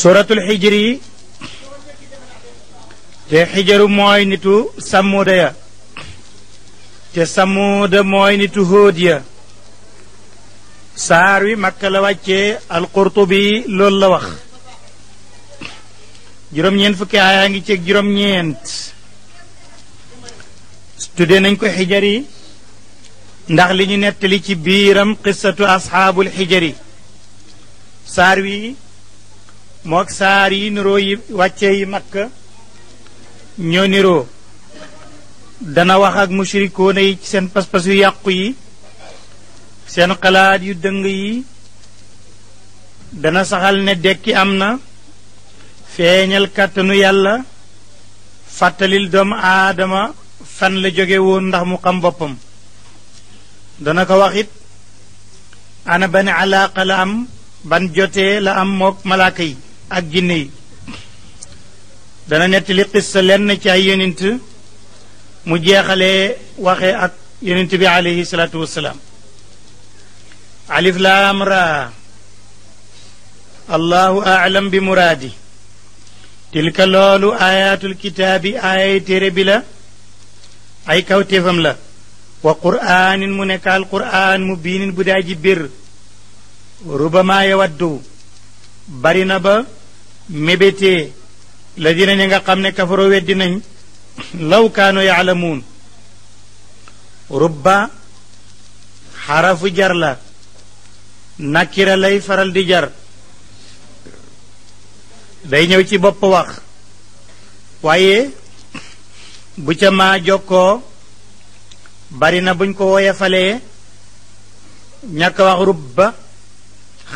suuratul xijir yi te xijaru mooy nitu samuuda ya te samuuda mooy nitu hóod ya saar wi makka la wàccee alqurtubi loolu la wax juróom-ñeent fukki aaya ngi ceeg juróom-ñeent tuddee nañ ko xijar ndax li ñu nettali ci biiram qissatu asxaabul xijari saar mook saar yi niroo yi wàcce yi makka ñoo niroo dana wax ak mushrikoona yi ci seen pas-pas yu yàqu yi seen xalaat yu dëng yi dana saxal ne dekki am na feeñal kàttanu yàlla fàttalil doomu aadama fan la jóge woon ndax mu xam boppam dana ko wax it ana ban alaaqa la am ban jotee la am mook malaaka yi ak jinne yi dana nettali qissa lenn ci ay yonent mu jeexalee waxe ak yonent bi alayhi salaatu wassalaam alif laam raa allahu aalam bi muraadi tilka loolu ayatul kitaabi aayay téere bi ay kawtéefam la wa qur'aanin mu nekk al qur'aan mu biinin bu bir rubama yawaddu bari mébétee la dina ñi nga xam ne kafaro weddi nañ law kaanu yaalamuun rubba xarafu jar la nakira lay faral di jar day ñëw ci bopp wax waaye bu ca maa jokkoo bari na buñ ko woyofalee ñàkk wax rubba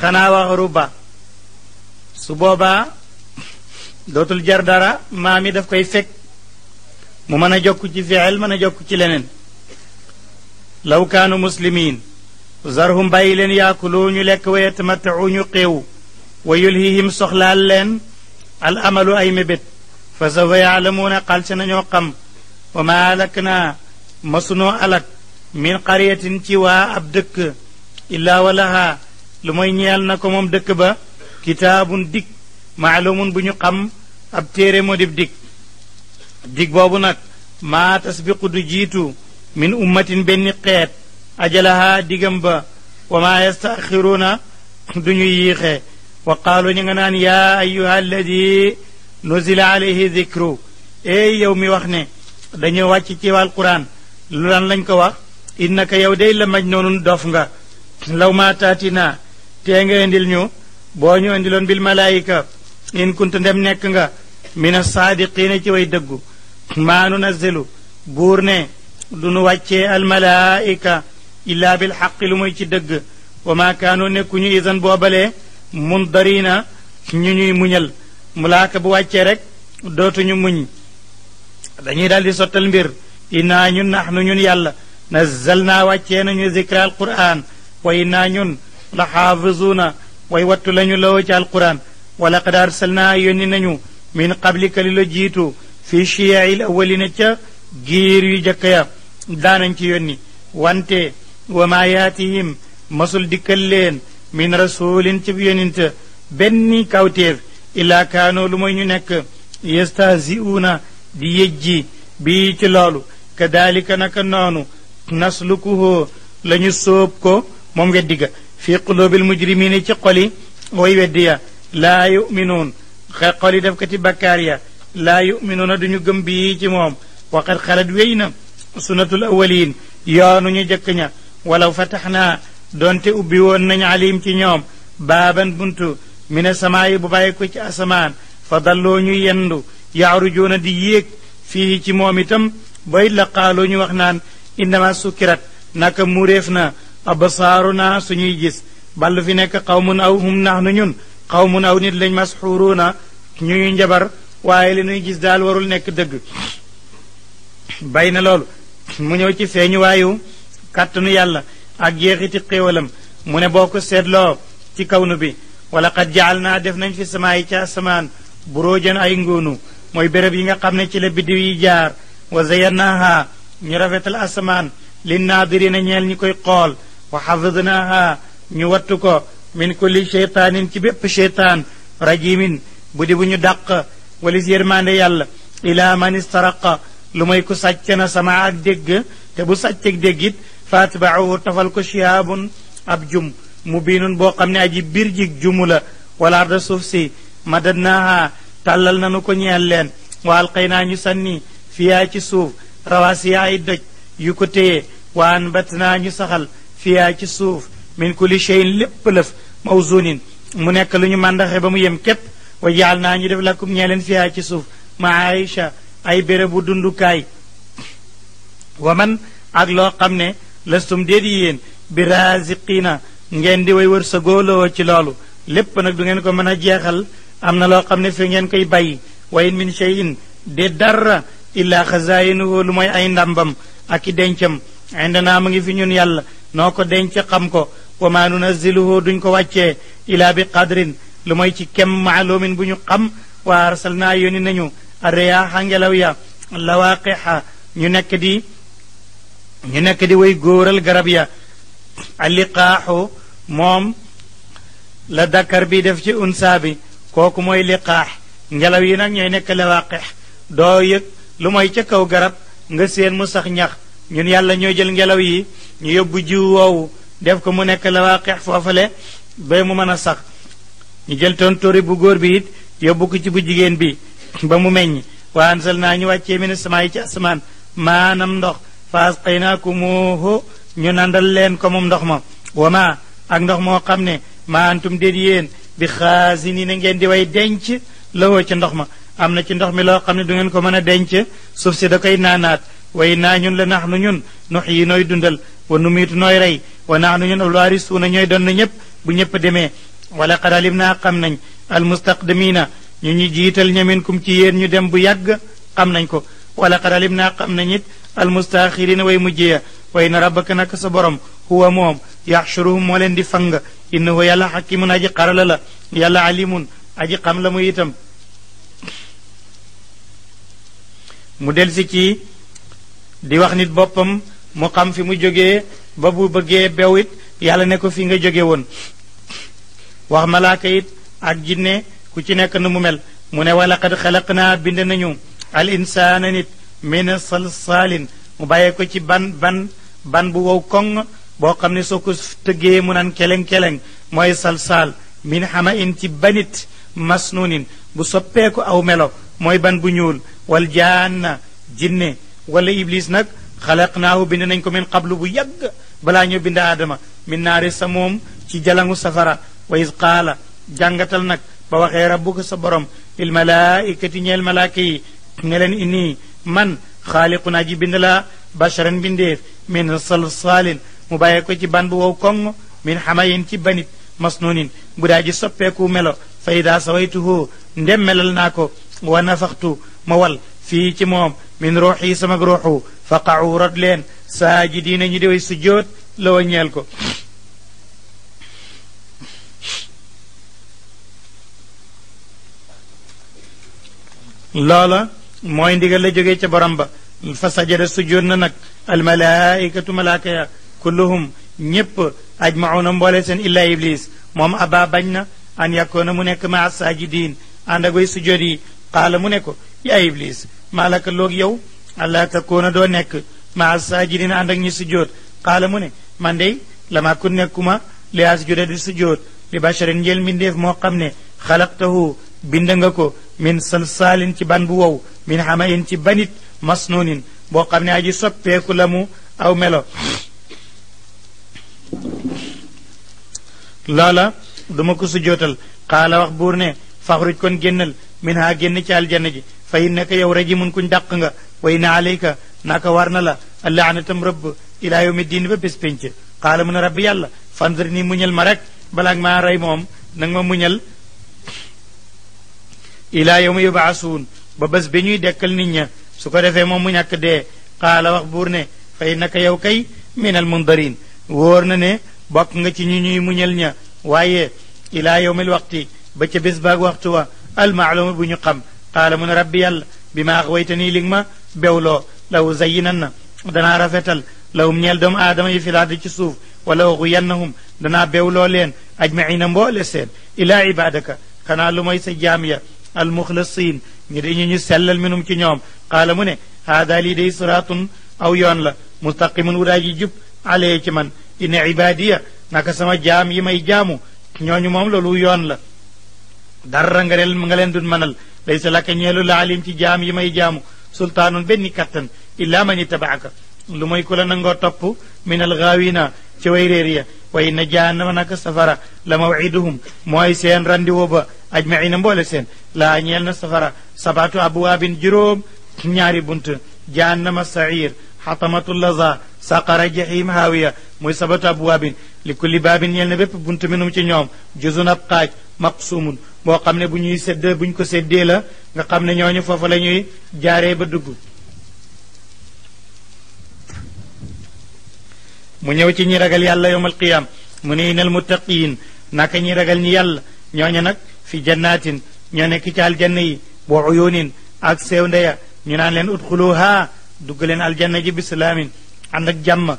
xanaa wax rubba su boobaa dootul jar dara maam yi daf koy fekk mu mën a jokk ci fiil mën a jokk ci leneen law kaanu muslimiin zarhum bàyyi leen yaakuloo ñu lekk wa yatamattau ñu xéewu wa yulhihim soxlaal leen al amalu ay mébét fa sawfa yaalamuuna xal si nañoo xam wa ma alak naa masunoo alak min xariyatin ci waa ab dëkk illaa wa lahaa lu mooy ñeel na ko moom dëkk ba kitaabun dikk معلوم بنيو قم اب تيري مودب ديك ديك بابو نك ما تسبق دو جيتو من امت بني قيت اجلها ديگم با وما يستأخرون دنيو ييخي وقالوا نغنان يا ايها الذي نزل عليه ذكرو اي يومي وخني دنيو واتي تيوى القرآن لولان لنك وخ انك يودي لمجنون دفنغا لو ما تاتينا تيانغا اندلنيو بوانيو اندلون بالملائكة in kunta ndem nekk nga mina saadiqiina ci way dëggu maa nu nazilu buur ne du nu wàccee almalaa'ika illaa bil xaqi ci dëgg wa maa kaanu nekkuñu isan boobalee mundariina ñu ñuy muñal mulaaka bu wàccee rek dootuñu muñ dañuy daal di sottal mbir naa ñun naxnu ñun yàlla nazal naa wàccee nañu zikra alquran wa innaa ñun la xaafizuuna way wattu lañu loo ci alquran walaqad arsalnaa yónni nañu min qablika li la jiitu fii chiyaayil awalina ca giir yu jëkk ya daanañ ci yónni wante wa maa yaatihim masul dikkal leen min rasulin ci yóninte benn kawtéef illaa kaanoo mooy ñu nekk yestahzi'uuna di yejji bii ci loolu kadalika naka noonu naslukuhu la ñu sóob ko moom weddi ga fii qulubil mujrimina ci xoli way weddi ya لا يؤمنون قال دفكتي بكاريا لا يؤمنون دنيو گم بي تي موم وقد خلد وين سنه الاولين يا نو ني جكنا ولو فتحنا دونت اوبي ون عليم تي بابا بنتو من السماء ببايكو تي اسمان فضلوا ني يندو يعرجون دي ييك فيه تي موميتم باي لقالو ني واخنان انما سكرت نك موريفنا ابصارنا سني جيس بل في قوم او هم نحن نيون xawmun aw nit lañ masxuruuna ñuñu njabar waaye li nuy gis daal warul nekk dëgg bay na loolu mu ñëw ci feeñuwaayu kàttanu yàlla ak jeexiti xéewalam mu ne boo ko seetloo ci kawnu bi wala xat jaal def nañ fi samaayi ca asamaan buróojan ay nguunu mooy béréb yi nga xam ne ci la biddiw yi jaar wa zayannaha ñu rafetal asamaan li naadirina ñeel ñi koy xool wa xafidnaha ñu wattu ko min kulli cheytaanin ci bépp cheytaan rajimin bu di bu ñu dàq walis yërmande yàlla ila man istaraqa lu may ku sàcc na sama ak dégg te bu sàcceeg dégg it faatbaahu tafal ko shihaabun ab jum mu biinun boo xam ne aji bir jig jumu la wala suuf si madad naaha tàllal nanu ko ñeel leen wa alqay naa ñu sànni fiyaa ci suuf rawaasiyaa ay doj yu ko téye wa anbat naa ñu saxal fiyaa ci suuf min kulli shay'in lépp lëf mawzunin mu nekk lu ñu màndaxe ba mu yem képp wa jaal naa ñu def lakum ñee leen fiha ci suuf ma maaisha ay bérébu dundukaay wa man ak loo xam ne lastum déet yéen bi ngeen di way wër sa góoloo ci loolu lépp nag du ngeen ko mën a jeexal am na loo xam ne fi ngeen koy bàyyi wa in min shay'in de dara illaa xazaayinuhu lu mooy ay ndàmbam ak i dencam indana mu ngi fi ñun yàlla noo ko denc xam ko wa ma nunaziluhu duñ ko wàcce ilaa bi qadrin lu mooy ci kem maalumin bu ñu xam wa arsalnaa yónni nañu ariyaaxa ngelaw ya lawaaqixa ñu nekk di ñu nekk di way góoral garab ya alliqaaxu moom la dakar bi def ci unsa kooku mooy liqaax ngelaw yi nag ñooy nekk lawaqix doo yëg lu moy ca kaw garab nga séen mu sax ñax ñun yàlla ñoo jël ngelaw yi ñu yóbbu jiw woowu def ko mu nekk la waaqeex foofale bay mu mën a sax ñu jël tontóori bu góor bi it yóbbu ko ci bu jigéen bi ba mu meññ wa ansal naa ñu wàcce min ne yi ci asamaan maanam ndox fa asqaynaakumoo ñu nandal leen ko moom ndox ma wama ak ndox moo xam ne ma antum déet yéen bi xaasini na ngeen di way denc lawoo ci ndox ma am na ci ndox mi loo xam ne du ngeen ko mën a denc suuf si da koy naanaat way naa ñun le nax nu ñun nox yi nooy dundal wa nu miitu nooy rey wa naxnu ñun alwaarisuuna ñooy donn ñëpp bu ñëpp demee wala qad naa xam nañ almustaqdimiina ñu ñu jiital ñaminkum ci yéen ñu dem bu yàgg xam nañ ko wala qad alimnaa xam nañ it almustaaxiriina way mujjeya way na rabbaka nag sa borom huwa moom yaxshuruhum moo leen di fang innahu yàlla xakimun aji xarala la yàlla alimun aji xam la muy itam mu delsi ci di wax nit boppam mu xam fi mu jóge ba bu bëggee bewit yàlla ne ko fi nga jóge woon wax malaaka it ak jinne ku ci nekk na mu mel mu ne walaqad xalaq naa bind nañu al insaana nit min salsaalin mu bàyyee ko ci ban ban ban bu wow koŋ boo xam ne soo ko tëggee mu naan keleng-keleng mooy salsaal min xama in ci banit masnunin bu soppeeku aw melo mooy ban bu ñuul wal jaanna jinne wala iblis nag xalaq naahu bind nañ ko min qablu bu yàgg bala ñu bind aadama min naari sa ci jalangu safara wa is qaala jàngatal nag ba waxee rabbuka sa borom lil malaikati ñeel malaaka yi ne leen inni man xaaliqun ji bind laa basharan bindeef min salsaalin mu bàyyee ko ci ban bu wow min xamayin ci banit masnunin bu daa ji soppeeku melo fa idaa sawaytuhu ndem melal naa ko wa nafaxtu ma wal fii ci moom min ruuxi sama ruuxu fa qacu leen saajidiina ñu di way sujjóot la wa ñeel ko loola mooy ndigal la jóge ca borom ba fa sajada sujjóot na nag almalaikatu malaaka ya kulluhum ñépp ajmauna mboole seen illaa iblis moom aba bañ na an yàkkoona mu nekk maa saajidiin ànd ak sujjóot yi qaala mu ne ko yaa iblis maa laka loog yow allah takoona doo nekk maa saajidin ànd ak ñi sujjóot qaala mu ne man dey lama kun nekkuma li asjuda di sujjóot li basharin njël mbindeef moo xam ne xalaqtahu bind nga ko min salsaalin ci ban bu wow min hamayin ci banit masnuunin boo xam ne aji soppeeku la mu aw melo loola duma ko sujjootal xaala wax buur ne faxruj kon génnal min haa génn ci aljanna ji fa innaka yow rajimun kuñ dàq nga wa na alayka naka war na la tam rëbb ilaa yawmi diin ba bés pénc xaala mu ne rabbi yàlla fanzir nii muñal ma rek balaa maa rey moom nanga ma muñal ilaa yawmi yubaasuun ba bés bi ñuy dekkal nit ña su ko defee moom mu ñàkk dee xaala wax buur ne fay naka yow kay minal mundarin wóor na ne bokk nga ci ñu ñuy muñal ña waaye ilaa yawmil waxti ba ca bés baag waxtu wa almaaluma bu ñu xam xaala mu ne yàlla bi ma axwayta nii li nga ma bewloo law zayinan danaa rafetal lahum ñeel doomu aadama yi filaade ci suuf wala uxuyannahum danaa bewloo leen ajmaina mboole seen ilaa ibadaka xanaa lu mooy sa jaam ya almuxlasin ñi dañu ñu sellal minum ci ñoom qaala mu ne haada lii day siraatun aw yoon la mustaqimun wudaa ji jub alee ci man inna ibadiya naka sama jaam yi may jaamu ñooñu moom loolu yoon la dara nga leen nga leen dun mënal laysa laka ñeelu la alim ci jaam yi may jaamu sultaanun benn kattan illaa man ittabaaka lu moy ku la nangoo topp min alxaawina ci way réer ya way na jahannama naka safara la mawiduhum mooy seen randiwo ba ajmaina mboole seen laa ñeel na safara sabaatu abwaabin juróom ñaari bunt jahannama sair xatamatu laza saqara jahim haawiya mooy sabatu abwaabin li kulli baabin ñeel na bépp bunt minum ci ñoom juzun ab xaaj maqsumun boo xam ne bu ñuy sédd bu ko séddee la nga xam ne ñooñu foofa la ñuy jaaree ba dugg mu ñëw ci ñi ragal yàlla yowmal qiyam mu ne inal muttaqin naka ñi ragal ñi yàlla ñooñu nak fi jannatin ñoo nekk ci aljanna yi bo uyunin ak sew ndeya ñu naan leen udxuluha dugg leen aljanna ji bislamin ànd ak jàmm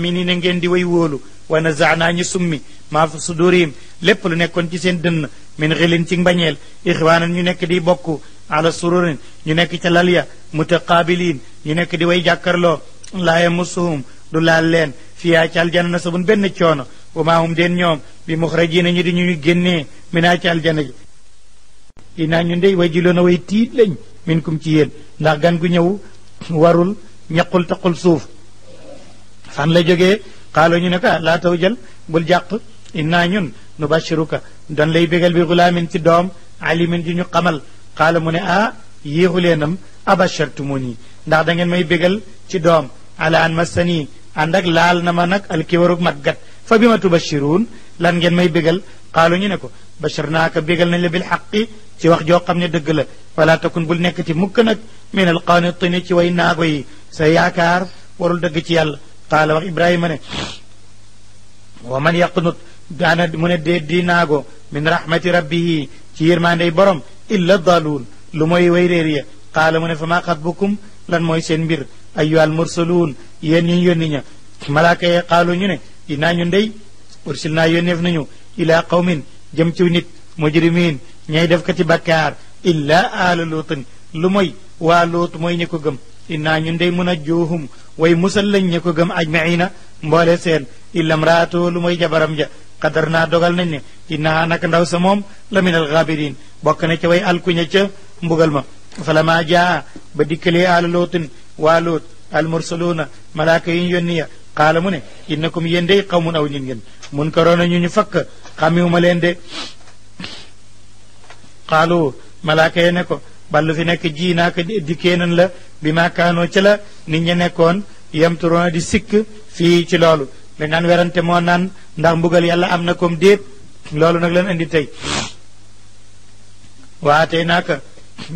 ne ngeen di way wolu wa nazana ñi summi ma fi sudurim lépp lu nekkon ci seen dënn min xilin ci mbañeel ikhwana ñu nekk di bokk ala sururin ñu nekk ci lalya mutaqabilin ñu nekk di way jakarlo la yamusuhum du laal leen fiyaa ci aljana na sabun benn coono wa maa deen ñoom bi muxrajiina ñu di ñu génnee minaa ci aljana ji inaa ñu ndey way jiloon a way tiit lañ min kum ci yéen ndax gan gu ñëw warul ñaqul taqul suuf fan la jóge xaalo ñu ne ko laa taw jël bul jàq inaa ñun nu bashiruka doon lay bégal bi gulaamin ci doom alimin ju ñu xamal xaala mu ne a ah yéexuleenam abashartumuni ndax da ngeen may bégal ci doom ala an ànd ak laal na ma nag alkibaruk màggat fa bi ma tubashiruun lan ngeen may bégal xaalu ñu ne ko bashirnaaka bégal nañ la bil xaqi ci wax joo xam ne dëgg la wala takun bul nekkati mukk nag min al qaanitini ci way naago yi sa yaakaar warul dëgg ci yàlla qaala wax ibrahima ne wa man yaqnut daana mu ne dee naago min rahmati rabbihi ci yërmaandey borom illa daluun lu moy way réer ya qaala fa maa xatbukum lan mooy seen mbir ayyuhal mursaluun yéen ñu yónni ña malaaka yee xaalu ñu ne dinaa ñu ndey ursil naa yónneef nañu ilaa qawmin jëm ci nit mujrimiin ñay def kati bakkaar illaa aala lootan lu mooy waa loot mooy ñi ko gëm innaa ñu ndey mun a joohum way musal lañ ñi ko gëm ajmaina mboole seen illam raatoo lu mooy jabaram ja qadar naa dogal nañ ne innahaa naka ndaw sa moom la min alxaabiriin bokk na ca way alkuña ca mbugal ma falamaa jaa ba dikkalee aala lootan waa Luut almursaluuna malaaka yi ñu yónni ya qaala mu ne innakum yéen xaw qawmun aw nit ngeen mun karoona ñu ñu fakk xamiwuma leen de qaalu malaaka yi ko ballu fi nekk ji naaka dikkee nan la bi maa kaanoo ca la nit ña nekkoon yamturoona di sikk fii ci loolu dañ naan werante moo naan ndax mbugal yàlla am na kom déet loolu nag leen indi tey waatee naaka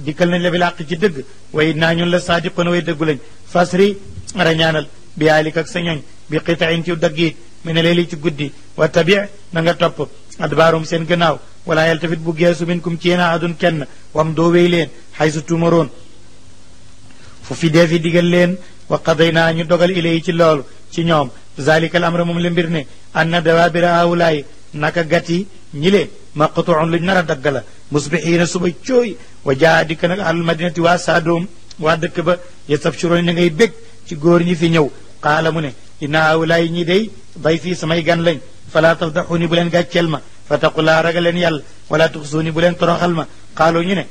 dikkal nañ la bi ci dëgg way naa ñun la saadiqoon way dëggu lañ fasri rañaanal bi yaalik ak sa ñooñ bi qitaayin ci dagg yi mu ne leeli ci guddi wa tabi na nga topp adbaarum seen gannaaw wala yaltafit bu geesu minkum ci yéen adun kenn wam doo wéy leen xay su tuumaroon fu fi dee fi digal leen wa qadaynaa ñu dogal ilay ci loolu ci ñoom zalika amra moom la mbir ne anna dawaabira haawulaay naka gati ñi le maqtuun lu ñu nar a dagg la musbixiina suba cooy wa jaa dikk nag al madinati waa saadoom waa dëkk ba yastabshiroon na ngay bég ci góor ñi fi ñëw qaala mu ne inna awlaay ñi day day fii samay gan lañ falaa tafdaxuuni bu leen gàcceel ma fataqulaa ragal leen yàlla wala tuxsuuni bu leen toroxal ma qaalu ñu ne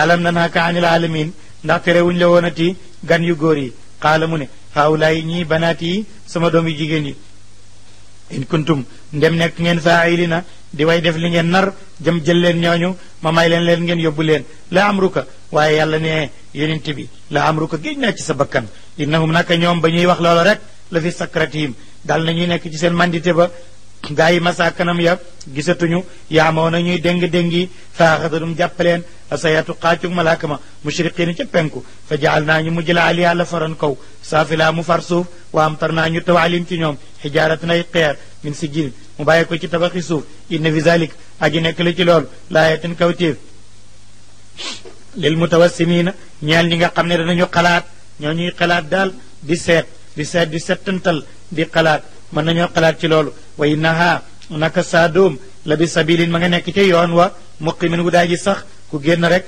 alam nanhaka anil alamin ndax terewuñ la woonati gan yu góor yi qaala mu ne haawlaay ñii banaat yi sama doom yu jigéen yi in kuntum ndem nekk ngeen na di way def li ngeen nar jëm jël leen ñooñu ma may leen leen ngeen yóbbu leen la amruka waaye yàlla ne yonent bi la am amruka géej naa ci sa bakkan innahum naka ñoom ba ñuy wax loolu rek la fi sakratihim dal ñuy nekk ci seen mandité ba gaa yi masa kanam ya gisatuñu yaamoo na ñuy déng-déngi faaxadadum jàppaleen asayatu xaacug malaaka ma mushriqina ca penku fa jaal naa ñu mu jëla ali yàlla faran kaw saafilaa mu far suuf wa am naa ñu tawaalim ci ñoom xijaaratan ay xeer min si jil mu bàyyi ko ci tabaxi suuf inna fi zalik aji nekk la ci lool laayatan kawtéef lil mutawassimina ñeel ñi nga xam ne danañu xalaat ñoo ñuy xalaat daal di seet di seet di settantal di xalaat mën nañoo xalaat ci loolu wa innaha naka saadoom la bi sabilin ma nga nekk ci yoon wa muqimin wu daa ji sax ku génn rek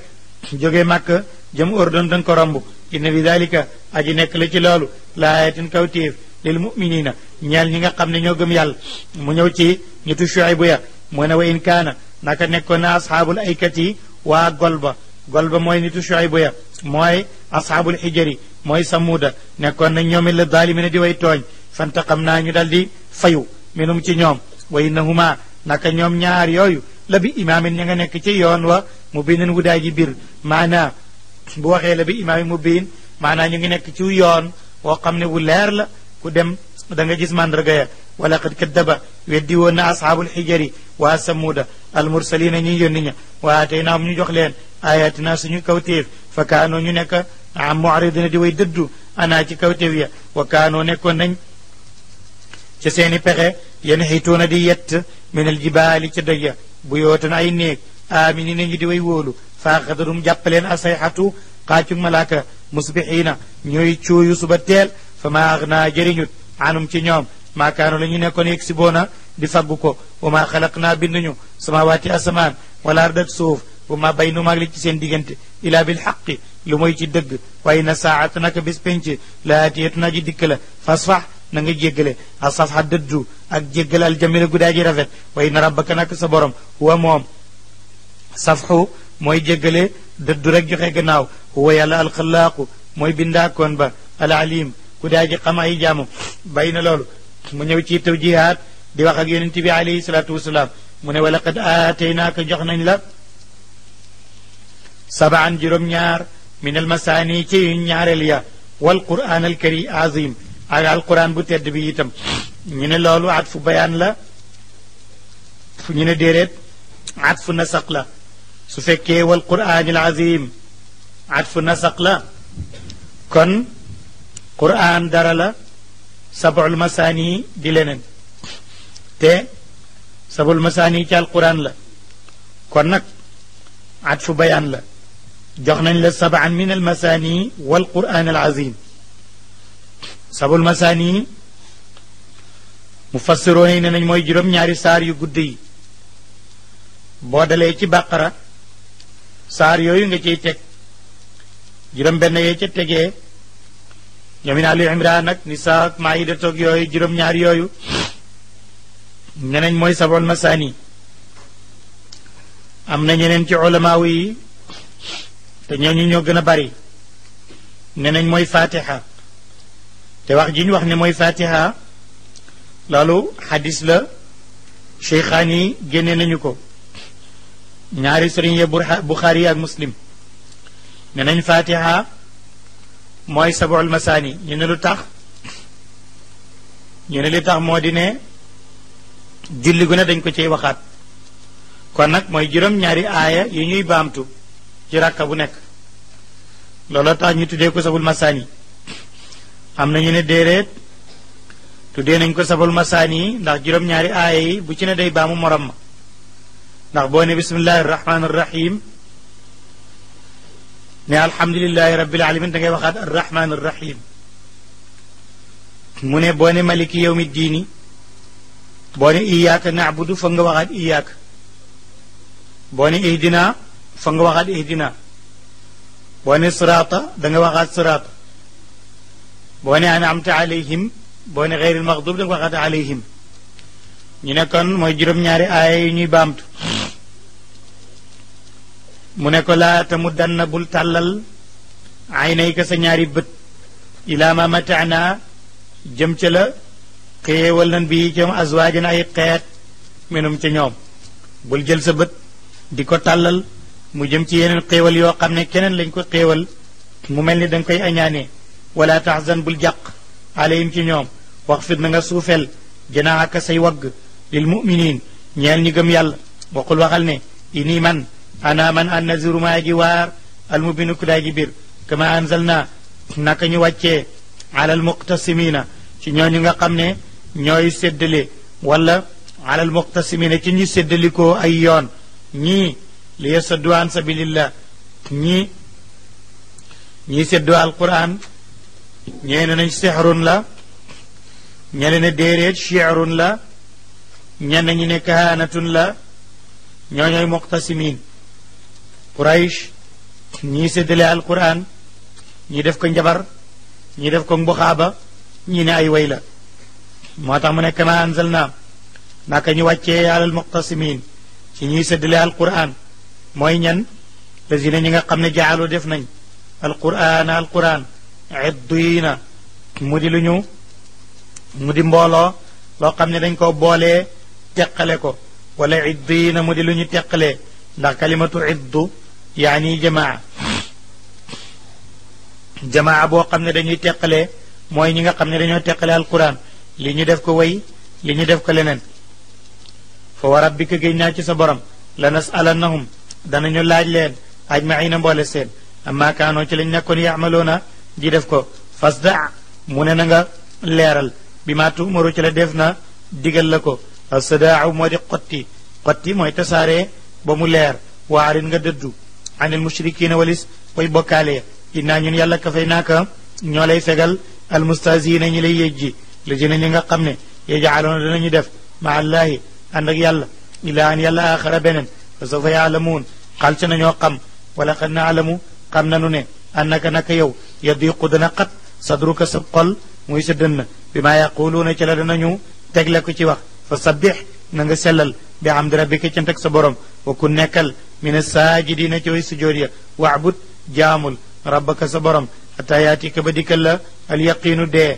jóge màkk jëm ordon danga ko romb inna bi dalika aji nekk la ci loolu la ayatin kaw téef lil muminina ñeel ñi nga xam ne ñoo gëm yàlla mu ñëw ci ñitu Shuaybu ya mooy ne wa in kaana naka nekkoon na asxaabul aykat yi waa golba golba mooy nitu Shuaybu ya mooy asxaabul xijari mooy samuuda nekkoon na ñoomit la daalimina di way tooñ fantaqam naa ñu dal di fayu minum ci ñoom wa innahuma naka ñoom ñaar yooyu la bi imaamin ña nga nekk ci yoon wa mu binin wu daay ji biir maanaa bu waxee la bi imaamin mu biin maanaa ñu ngi nekk ci yoon woo xam ne wu leer la ku dem da nga gis màndarga ya wala qad kaddaba weddi woon na asxaabul xijari waa samuuda almursalina ñuy yónni ña waa tey naa ñu jox leen ayatina suñu kawtéef fa kaanoo ñu nekk am mu'ridina di way dëddu anaa ci kawtéef ca seeni pexe yan xituuna di yett min al jibaali ca doy ya bu yootan ay néeg aamini nañu di way wóolu faa xadarum jàppaleen asayxatu xaacug malaaka musbixiina ñooy cuuyu suba teel fa ma agna jëriñut anum ci ñoom maakaano la ñu nekkoon yegg si boona di faggu ko wa ma xalaq naa binduñu samawaati asamaan wala ard ak suuf wa ma bay nu maag li ci seen diggante ilaa bil xaqi lu mooy ci dëgg waaye na saa'at naka bis penc laatiyatu naa ji dikk la fasfax na nga jéggale asaasa dëddu ak jéggale aljamila guddaa ji rafet way na rabbaka nak sa borom wa mom safhu moy jéggale dëddu rek joxe gannaaw wa yàlla alxalaaqu mooy bindaakoon ba alalim guddaa ji xam ay jaamu jamu bayna loolu mu ñëw ci tawjihat di wax ak yonent bi alayhi salatu wasalaam mu ne walaqad aataynaaka jox nañ la sabaan juróom-ñaar min almasaani ci ñaareel ya walquran alkari azim ak alquran bu tedd bi itam ñu ne loolu at fu bayaan la fu ñu ne déedéet at fu nasaq la su fekkee wal quraanil azim at fu nasaq la kon quran dara la sabul masani di leneen te sabul masani ci alquran la kon nag at fu bayaan la jox nañ la saban min almasaani wal quran alazim sabul masaani mufassiroon yi ne nañ mooy juróom-ñaari saar yu gudd yi boo dalee ci bàqara saar yooyu nga ciy teg juróom benn yee ca tegee ñoomi naa lu imraan ak nisaa ak maayida toog yooyu juróom-ñaar yooyu ne mooy sabul masaani am na ñeneen ci ulamaaw yi te ñooñu ñoo gën a bari ne nañ mooy fatiha te wax jiñ wax ne moy fatiha lalu hadith la sheikhani yi génne nañu ko ñaari serigne ye bukhari ak muslim ne nañ fatiha mooy sabuul masani ñu ne lu tax ñu ne li tax mo di ne julli gu ne dañ ko ciy waxat kon nak moy juróom-ñaari aya yu ñuy bamtu ci ràkka bu nek looloo tax ñu tuddé ko sabul masani am nañu ne déedéet tuddee nañ ko sabul masaani ndax juróom-ñaari aaya yi bu ci ne day baamu morom ma ndax boo ne bismillahi rahmaani rahim ne alhamdulilahi rabbil alamin da ngay waxaat arrahmaani rahim mu ne boo ne maliki yowmi diini boo ne iyaaka nabudu fa nga waxaat iyaaka boo ne ihdina fa nga waxaat ihdina boo ne sirata da nga waxaat sirata boo ne anamta alayhim boo ne xeyril maxdub da nga waxaat alayhim ñu ne kon mooy juróom-ñaari aaya yi ñuy baamtu mu ne ko laata mu tamuddanna bul tàllal aynayka sa ñaari bët ilaa ma mataana jëm ca la xéewal nan bi ci azwaajin ay xeet menum ca ñoom bul jël sa bët di ko tàllal mu jëm ci yeneen xéewal yoo xam ne keneen lañ ko xéewal mu mel ni danga koy añaanee ولا تحزن بالجق عليهم تي نيوم واخفض نغا سوفل جناحك سي للمؤمنين نيال نيغم يال وقل وخال اني من انا من انذر ما يجي وار المبين كدا جبير كما انزلنا نكا ني على المقتسمين تي نيو نيغا خامني نيوي سدلي ولا على المقتسمين تي ني سدلي كو اي يون ني ليسدوان سبيل الله ني ني سدوا القران ñeene nañ sixrun la ñene ne déeréet chirun la ñenn ñi ne kahanatun la ñooñooy muqtasimin quraysh ñii séddale alquran ñii def ko njabar ñii def ko mbuxaaba ñii ne ay way la moo tax mu ne kama anzalna naka ñu wàccee alal muqtasimin ci ñii séddale alquran mooy ñan lazina ñi nga xam ne jaalu def nañ alquraan alquran iddiina mu di lu ñu mu mbooloo loo xam ne dañ ko boolee teqale ko wala iddiina mu di lu ñu teqalee ndax kalimatu iddu yaani jamaa jamaa boo xam ne dañuy teqalee mooy ñi nga xam ne dañoo teqale alquran li ñu def ko way li ñu def ko leneen fa wa rabbika géñ ci sa borom la nasalannahum danañu laaj leen ay na mboole seen amma kaanoo ci lañ nekkoon yaamaloona di def ko fasda mu ne na nga leeral bi ma tuumaru ci la def na digal la ko assadaaw moo di xotti xotti mooy tasaare ba mu leer waarin nga dëddu anil mushrikiina walis way bokkaale innaa ñun yàlla kafay naaka ñoo lay fegal almustaziina ñi lay yejji la jëne ñi nga xam ne yajcaloona danañu def ma allaahi ànd ak yàlla ilaa an yàlla aaxara beneen fa sawfa yaalamuun xal ca nañoo xam wala xad naalamu xam nanu ne annaka naka yow yadiqu dana xat sadruka sa xol muy sa dënn bi maa yaquluuna ci la danañu tegle ko ci wax fa sabbix na nga sellal bi hamdi rabbika cant ak sa borom wa ku nekkal mina saajidina ci way sujood ya waabud jaamul rabbaka sa borom xataa yaatika ba dikkal la al yaqiinu dee